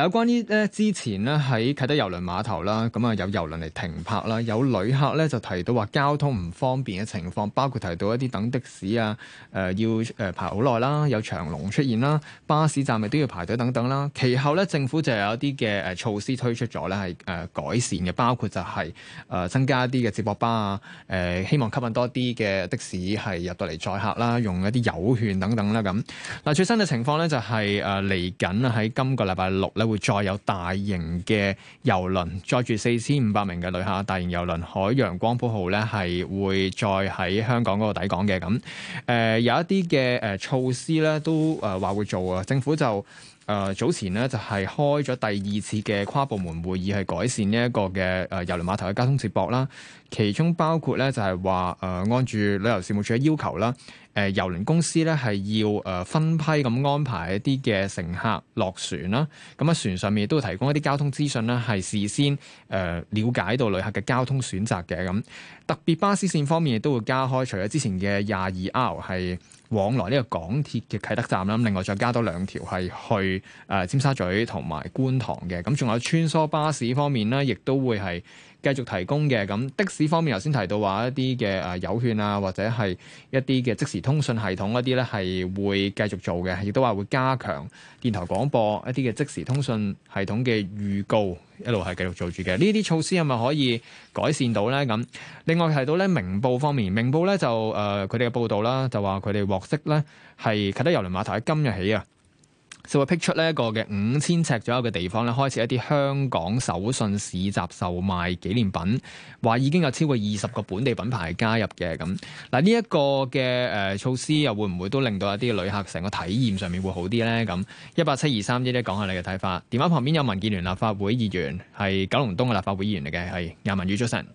有關於咧之前咧喺啟德郵輪碼頭啦，咁啊有郵輪嚟停泊啦，有旅客咧就提到話交通唔方便嘅情況，包括提到一啲等的士啊，誒要誒排好耐啦，有長龍出現啦，巴士站咪都要排隊等等啦。其後咧政府就有一啲嘅誒措施推出咗咧，係誒改善嘅，包括就係誒增加一啲嘅接駁巴啊，誒希望吸引多啲嘅的士係入到嚟載客啦，用一啲油券等等啦咁。嗱最新嘅情況咧就係誒嚟緊喺今個禮拜六咧。會再有大型嘅遊輪載住四千五百名嘅旅客，大型遊輪海洋光譜號咧係會再喺香港嗰個抵港嘅，咁，誒、呃、有一啲嘅誒措施咧都誒話、呃、會做啊，政府就誒、呃、早前咧就係、是、開咗第二次嘅跨部門會議，係改善呢一個嘅誒遊輪碼頭嘅交通接駁啦，其中包括咧就係話誒按住旅遊事務署嘅要求啦。誒、呃、郵輪公司咧係要誒、呃、分批咁安排一啲嘅乘客落船啦，咁喺船上面亦都會提供一啲交通資訊啦，係事先誒瞭、呃、解到旅客嘅交通選擇嘅咁。特別巴士線方面亦都會加開，除咗之前嘅廿二 R 係往來呢個港鐵嘅啟德站啦，另外再加多兩條係去誒、呃、尖沙咀同埋觀塘嘅，咁仲有穿梭巴士方面呢，亦都會係。繼續提供嘅咁，的士方面，頭先提到話一啲嘅誒有券啊，或者係一啲嘅即時通訊系統一啲咧，係會繼續做嘅，亦都話會加強電台廣播一啲嘅即時通訊系統嘅預告，一路係繼續做住嘅呢啲措施係咪可以改善到咧？咁另外提到咧，明報方面，明報咧就誒佢哋嘅報道啦，就話佢哋獲悉咧係啟德郵輪碼頭喺今日起啊，就會辟出呢一個嘅五千尺左右嘅地方咧，開始一啲香港手信市集售賣紀念品，話已經有超過二十個本地品牌加入嘅咁。嗱，呢一個嘅誒措施又會唔會都令到一啲旅客成個體驗上面會好啲咧？咁一八七二三一一講下你嘅睇法。電話旁邊有民建聯立法會議員，係九龍東嘅立法會議員嚟嘅，係顏汶羽，早晨。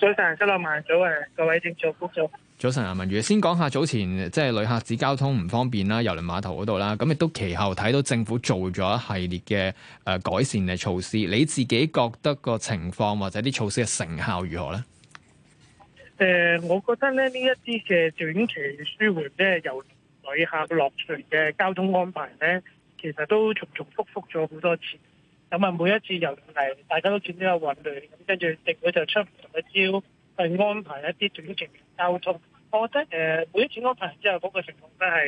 早晨，張立文，早晨，各位政協，歡迎。早晨、啊，阿汶羽，先講下早前即係旅客指交通唔方便啦，郵輪碼頭嗰度啦，咁亦都其後睇到政府做咗一系列嘅誒、呃、改善嘅措施。你自己覺得個情況或者啲措施嘅成效如何咧？誒、呃，我覺得咧呢一啲嘅短期舒緩即係由旅客落船嘅交通安排咧，其實都重重覆覆咗好多次。咁啊，每一次又係大家都見咗有混亂，咁跟住政府就出唔同嘅招去安排一啲短程交通。我覺得誒、呃，每一個安排之後嗰個情況都係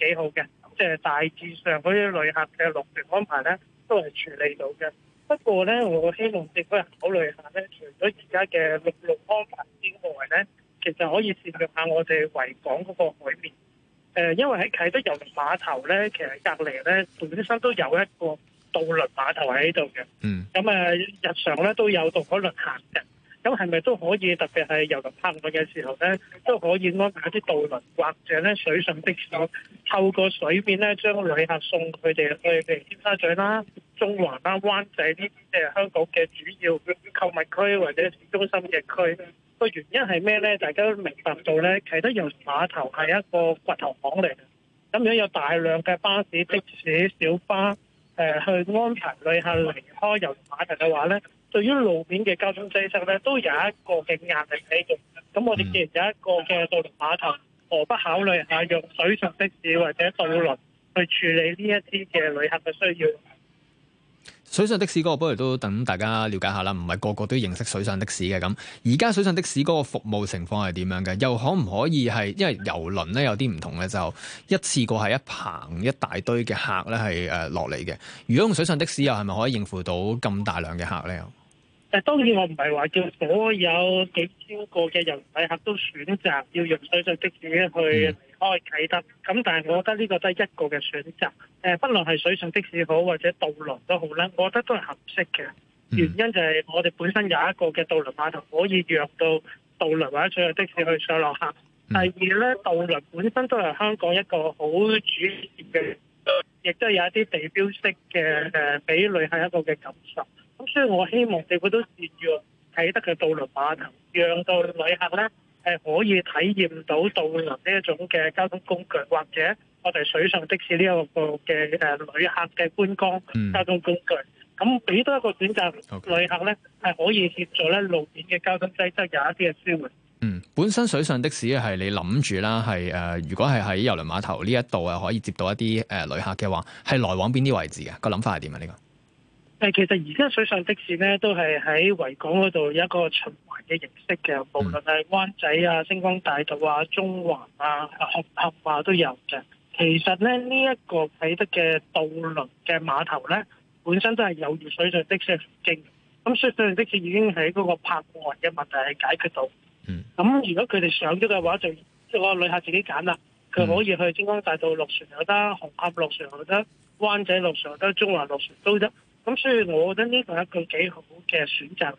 誒幾好嘅，咁即係大致上嗰啲旅客嘅陸地安排咧都係處理到嘅。不過咧，我希望政府人考慮下咧，除咗而家嘅陸路安排之外咧，其實可以善用下我哋維港嗰個海面誒、呃，因為喺啟德遊輪碼頭咧，其實隔離咧本身都有一個渡輪碼頭喺度嘅。嗯。咁、嗯、誒、呃，日常咧都有渡輪客嘅。咁係咪都可以？特別係郵輪泊岸嘅時候咧，都可以安排一啲渡輪或者咧水上的士，透過水面咧將旅客送佢哋去譬如尖沙咀啦、中環啦、灣仔呢啲即係香港嘅主要購物區或者市中心嘅區。個原因係咩咧？大家都明白到咧，啟德郵輪碼頭係一個掘頭巷嚟嘅，咁樣有大量嘅巴士、的士、小巴誒、呃、去安排旅客離開郵輪碼頭嘅話咧。對於路面嘅交通擠塞咧，都有一個嘅壓力喺度。咁我哋既然有一個嘅渡輪碼頭，何不考慮下、啊、用水上的士或者渡輪去處理呢一啲嘅旅客嘅需要？水上的士嗰個，不如都等大家了解下啦。唔係個個都認識水上的士嘅咁。而家水上的士嗰個服務情況係點樣嘅？又可唔可以係因為郵輪咧有啲唔同呢？就一次過係一棚一大堆嘅客咧係落嚟嘅。如果用水上的士，又係咪可以應付到咁大量嘅客咧？誒當然我唔係話叫所有幾千個嘅人，郵輪旅客都選擇要用水上的士去。嗯開啟得，咁但係我覺得呢個都係一個嘅選擇，誒不論係水上的士好或者渡輪都好啦，我覺得都係合適嘅。原因就係我哋本身有一個嘅渡輪碼頭可以預約到渡輪或者水上的士去上落客、嗯。第二咧，渡輪本身都係香港一個好主要嘅，亦都係有一啲地標式嘅，誒、呃、俾旅客一個嘅感受。咁所以我希望政府都善用啟德嘅渡輪碼頭，讓到旅客咧。係可以體驗到渡輪呢一種嘅交通工具，或者我哋水上的士呢一個嘅誒旅客嘅觀光交通工具，咁、嗯、俾多一個選擇、okay. 旅客咧，係可以協助咧路面嘅交通擠塞有一啲嘅舒緩。嗯，本身水上的士啊，係你諗住啦，係、呃、誒，如果係喺郵輪碼頭呢一度啊，可以接到一啲誒、呃呃、旅客嘅話，係來往邊啲位置嘅、個諗法係點啊？呢個誒，其實而家水上的士咧都係喺維港嗰度有一個循環嘅形式嘅、嗯，無論係灣仔啊、星光大道啊、中環啊、紅磡啊都有嘅。其實咧呢一、這個啟德嘅渡輪嘅碼頭咧，本身都係有如水上的士的經的，咁水上的士已經喺嗰個泊岸嘅問題係解決到。嗯，咁如果佢哋上咗嘅話就，就即係個旅客自己揀啦，佢、嗯、可以去星光大道落船又得，紅磡落船又得，灣仔落船又得，中環落船都得。咁所以，我覺得呢個係一個幾好嘅選擇。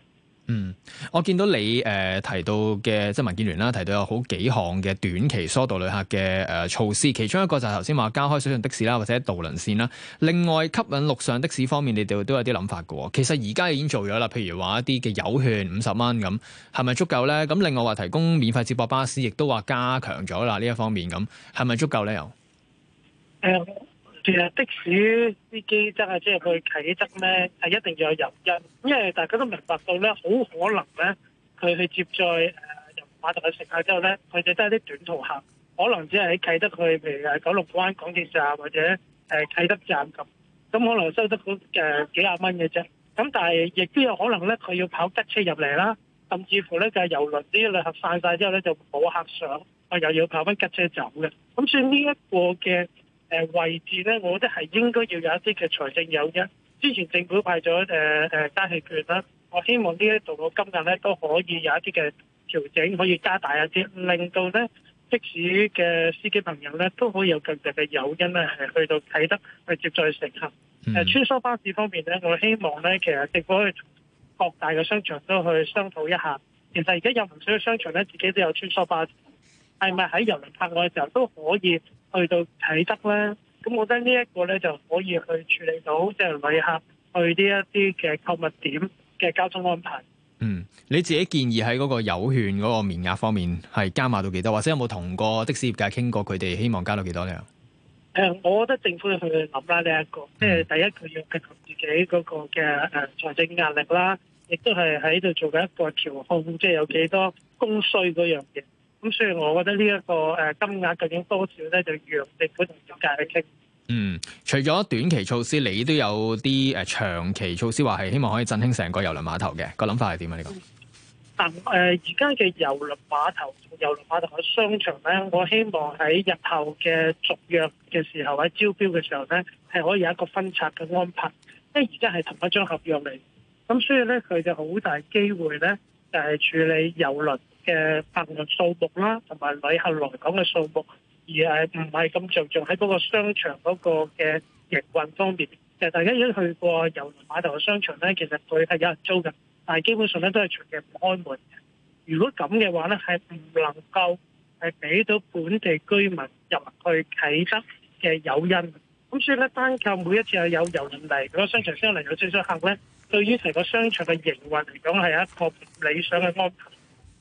嗯，我見到你誒、呃、提到嘅，即係文建聯啦，提到有好幾項嘅短期疏導旅客嘅誒、呃、措施，其中一個就係頭先話加開水上的士啦，或者渡輪線啦。另外吸引陸上的士方面，你哋都有啲諗法嘅。其實而家已經做咗啦，譬如話一啲嘅油券五十蚊咁，係咪足夠咧？咁另外話提供免費接駁巴士，亦都話加強咗啦呢一方面咁，係咪足夠咧？又、嗯、誒。其實的士啲規則啊，即係佢啟德咧，係一定要有原因，因為大家都明白到咧，好可能咧，佢去接載、呃、碼頭嘅乘客之後咧，佢哋都係啲短途客，可能只係喺啟德去，譬如誒九龍灣港鐵站或者誒、呃、啟德站咁，咁可能收得好誒幾廿蚊嘅啫。咁但係亦都有可能咧，佢要跑吉車入嚟啦，甚至乎咧就郵輪啲旅客散晒之後咧就冇客上，我又要跑翻吉車走嘅。咁所以呢一個嘅。誒位置咧，我覺得係應該要有一啲嘅財政誘因。之前政府派咗誒加氣券啦，我希望我呢一度路今日咧都可以有一啲嘅調整，可以加大一啲，令到咧即使嘅司機朋友咧都可以有更大嘅誘因咧去到睇得去接載乘客。誒、嗯呃、穿梭巴士方面咧，我希望咧其實政府去各大嘅商場都去商討一下。其實而家有唔少嘅商場咧，自己都有穿梭巴士，係咪喺郵輪泊岸嘅時候都可以？去到啟德咧，咁我覺得呢一個咧就可以去處理到即係旅客去呢一啲嘅購物點嘅交通安排。嗯，你自己建議喺嗰個有券嗰個面額方面係加碼到幾多，或者有冇同個的士業界傾過佢哋希望加到幾多呢？嗯、我覺得政府去諗啦呢一個，即係第一佢要結合自己嗰個嘅誒財政壓力啦，亦都係喺度做緊一個調控，即係有幾多供需嗰樣嘅。咁所以，我覺得呢一個誒金額究竟多少咧，就讓政府同業界去傾。嗯，除咗短期措施，你都有啲誒長期措施，話係希望可以振興成個郵輪碼頭嘅、嗰個諗法係點啊？呢、嗯、個但誒，而家嘅郵輪碼頭、郵輪碼頭嘅商場咧，我希望喺日後嘅續約嘅時候，喺招標嘅時候咧，係可以有一個分拆嘅安排，即係而家係同一張合約嚟。咁所以咧，佢就好大機會咧。就係處理郵輪嘅客人數目啦，同埋旅客來港嘅數目，而誒唔係咁着重喺嗰個商場嗰個嘅營運方面。其實大家如果去過郵輪碼頭嘅商場咧，其實佢係有人租嘅，但係基本上咧都係長期唔開門嘅。如果咁嘅話咧，係唔能夠係俾到本地居民入去啟德嘅誘因。咁所以咧，單靠每一次有郵輪嚟，個商場先嚟有進出客咧。對於成個商場嘅營運嚟講係一個唔理想嘅安排，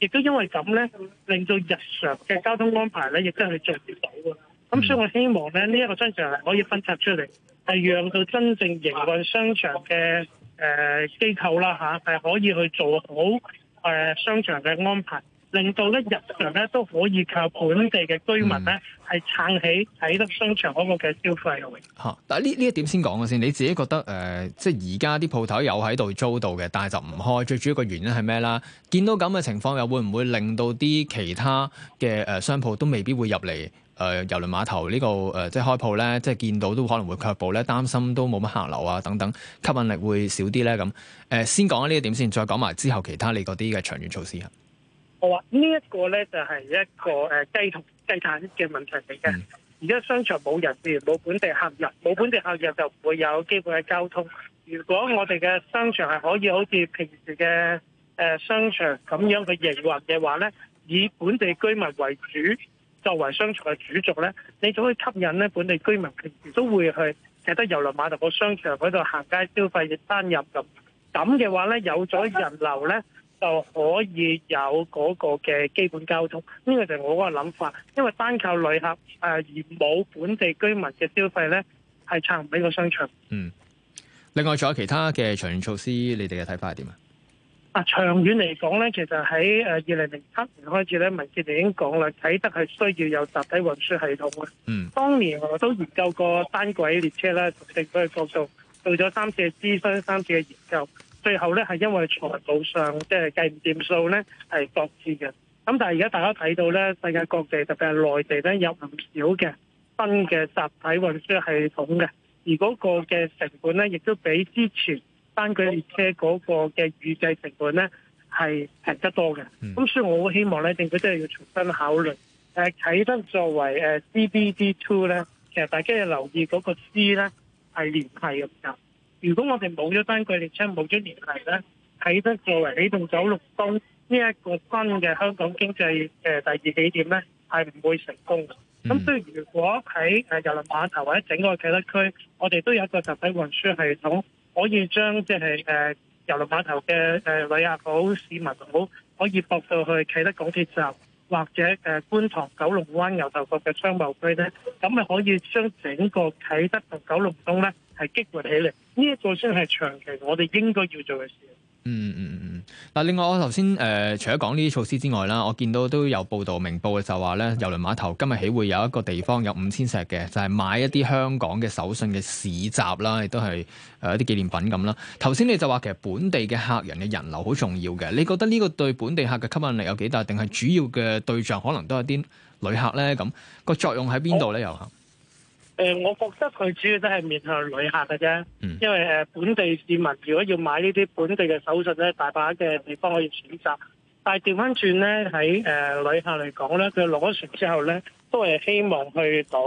亦都因為咁呢，令到日常嘅交通安排呢，亦都係做唔到嘅。咁所以我希望咧，呢、這、一個商場係可以分拆出嚟，係讓到真正營運商場嘅誒機構啦嚇，係、啊、可以去做好誒、呃、商場嘅安排。令到咧日常咧都可以靠本地嘅居民咧係撐起喺得商場嗰個嘅消費咯。嚇，但係呢呢一點先講嘅先。你自己覺得誒、呃、即係而家啲鋪頭有喺度租到嘅，但係就唔開。最主要個原因係咩啦？見到咁嘅情況，又會唔會令到啲其他嘅誒商鋪都未必會入嚟誒，郵輪碼頭呢、呢個誒即係開鋪咧？即係見到都可能會卻步咧，擔心都冇乜客流啊，等等吸引力會少啲咧咁誒先講呢一,一點先，再講埋之後其他你嗰啲嘅長遠措施啊。我話呢、這個、一個呢，就係一個誒雞同雞蛋嘅問題嚟嘅。而家商場冇人源，冇本地客入，冇本地客入，就唔會有基本嘅交通。如果我哋嘅商場係可以好似平時嘅、呃、商場咁樣去營運嘅話呢，以本地居民為主作為商場嘅主族呢，你就可以吸引呢本地居民平時都會去啟德郵輪碼頭個商場喺度行街消費嘅單入咁。咁嘅話呢，有咗人流呢。就可以有嗰個嘅基本交通，呢、這個就係我嗰個諗法。因為單靠旅客誒而冇本地居民嘅消費咧，係撐唔起個商場。嗯。另外，仲有其他嘅長遠措施，你哋嘅睇法，係點啊？啊，長遠嚟講咧，其實喺誒二零零七年開始咧，民建聯就已經講啦，啟德係需要有集體運輸系統嘅。嗯。當年我都研究過單軌列車啦，同政府合作，做咗三次嘅諮詢，三次嘅研究。最後咧，係因為財務上即係計唔掂數咧，係擱置嘅。咁但係而家大家睇到咧，世界各地特別係內地咧，有唔少嘅新嘅集體運輸系統嘅，而嗰個嘅成本咧，亦都比之前單軌列車嗰個嘅預計成本咧係平得多嘅。咁、嗯、所以我好希望咧，政府真係要重新考慮。呃、啟德作為 CBD2 咧，其實大家要留意嗰個 C 咧係連係咁如果我哋冇咗單軌列車冇咗聯繫咧，啟德作為起動九龍東呢一個新嘅香港經濟第二起點，咧，係唔會成功嘅。咁所以，如果喺誒郵輪碼頭或者整個啟德區，我哋都有一個集體運輸系統，可以將即係誒郵輪碼頭嘅誒旅客好市民好、呃，可以駁到去啟德港鐵站，或者誒觀塘九龍灣牛頭角嘅商貿區咧，咁咪可以將整個啟德同九龍東咧，係激活起嚟呢一個先係長期我哋應該要做嘅事。嗯嗯嗯，嗱、嗯，另外我頭先誒，除咗講呢啲措施之外啦，我見到都有報道明報嘅就話咧，郵輪碼頭今日起會有一個地方有五千石嘅，就係、是、買一啲香港嘅手信嘅市集啦，亦都係誒一啲紀念品咁啦。頭先你就話其實本地嘅客人嘅人流好重要嘅，你覺得呢個對本地客嘅吸引力有幾大？定係主要嘅對象可能都係啲旅客咧？咁個作用喺邊度咧？游、哦誒，我覺得佢主要都係面向旅客嘅啫，因為誒本地市民如果要買呢啲本地嘅手信咧，大把嘅地方可以選擇。但係調翻轉咧，喺誒旅客嚟講咧，佢落咗船之後咧，都係希望去到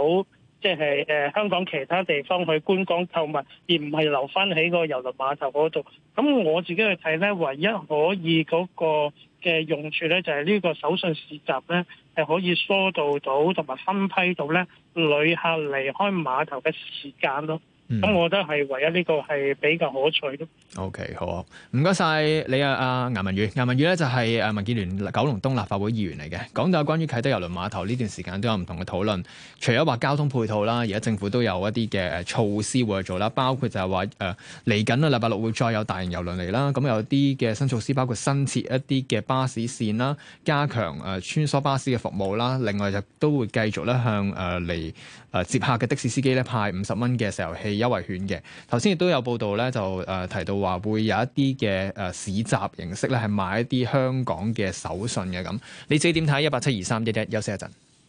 即係誒香港其他地方去觀光購物，而唔係留翻喺個遊輪碼頭嗰度。咁我自己去睇咧，唯一可以嗰、那個。嘅用處咧，就係呢個手信市集咧，係可以疏導到同埋分批到咧旅客離開碼頭嘅時間咯。咁、嗯，我覺得係唯一呢個係比較可取咯。OK，好謝謝啊，唔該晒。你啊，阿顏汶羽。顏汶羽咧就係誒民建聯九龍東立法會議員嚟嘅。講到關於啟德郵輪碼頭呢段時間都有唔同嘅討論，除咗話交通配套啦，而家政府都有一啲嘅措施會去做啦，包括就係話誒嚟緊啊，禮、呃、拜六會再有大型郵輪嚟啦。咁有啲嘅新措施，包括新設一啲嘅巴士線啦，加強穿梭巴士嘅服務啦。另外就都會繼續咧向嚟、呃、接客嘅的，的士司機咧派五十蚊嘅石油氣。優惠券嘅，頭先亦都有報道咧，就誒提到話會有一啲嘅誒市集形式咧，係買一啲香港嘅手信嘅咁。你自己點睇？一八七二三一一，休息一陣。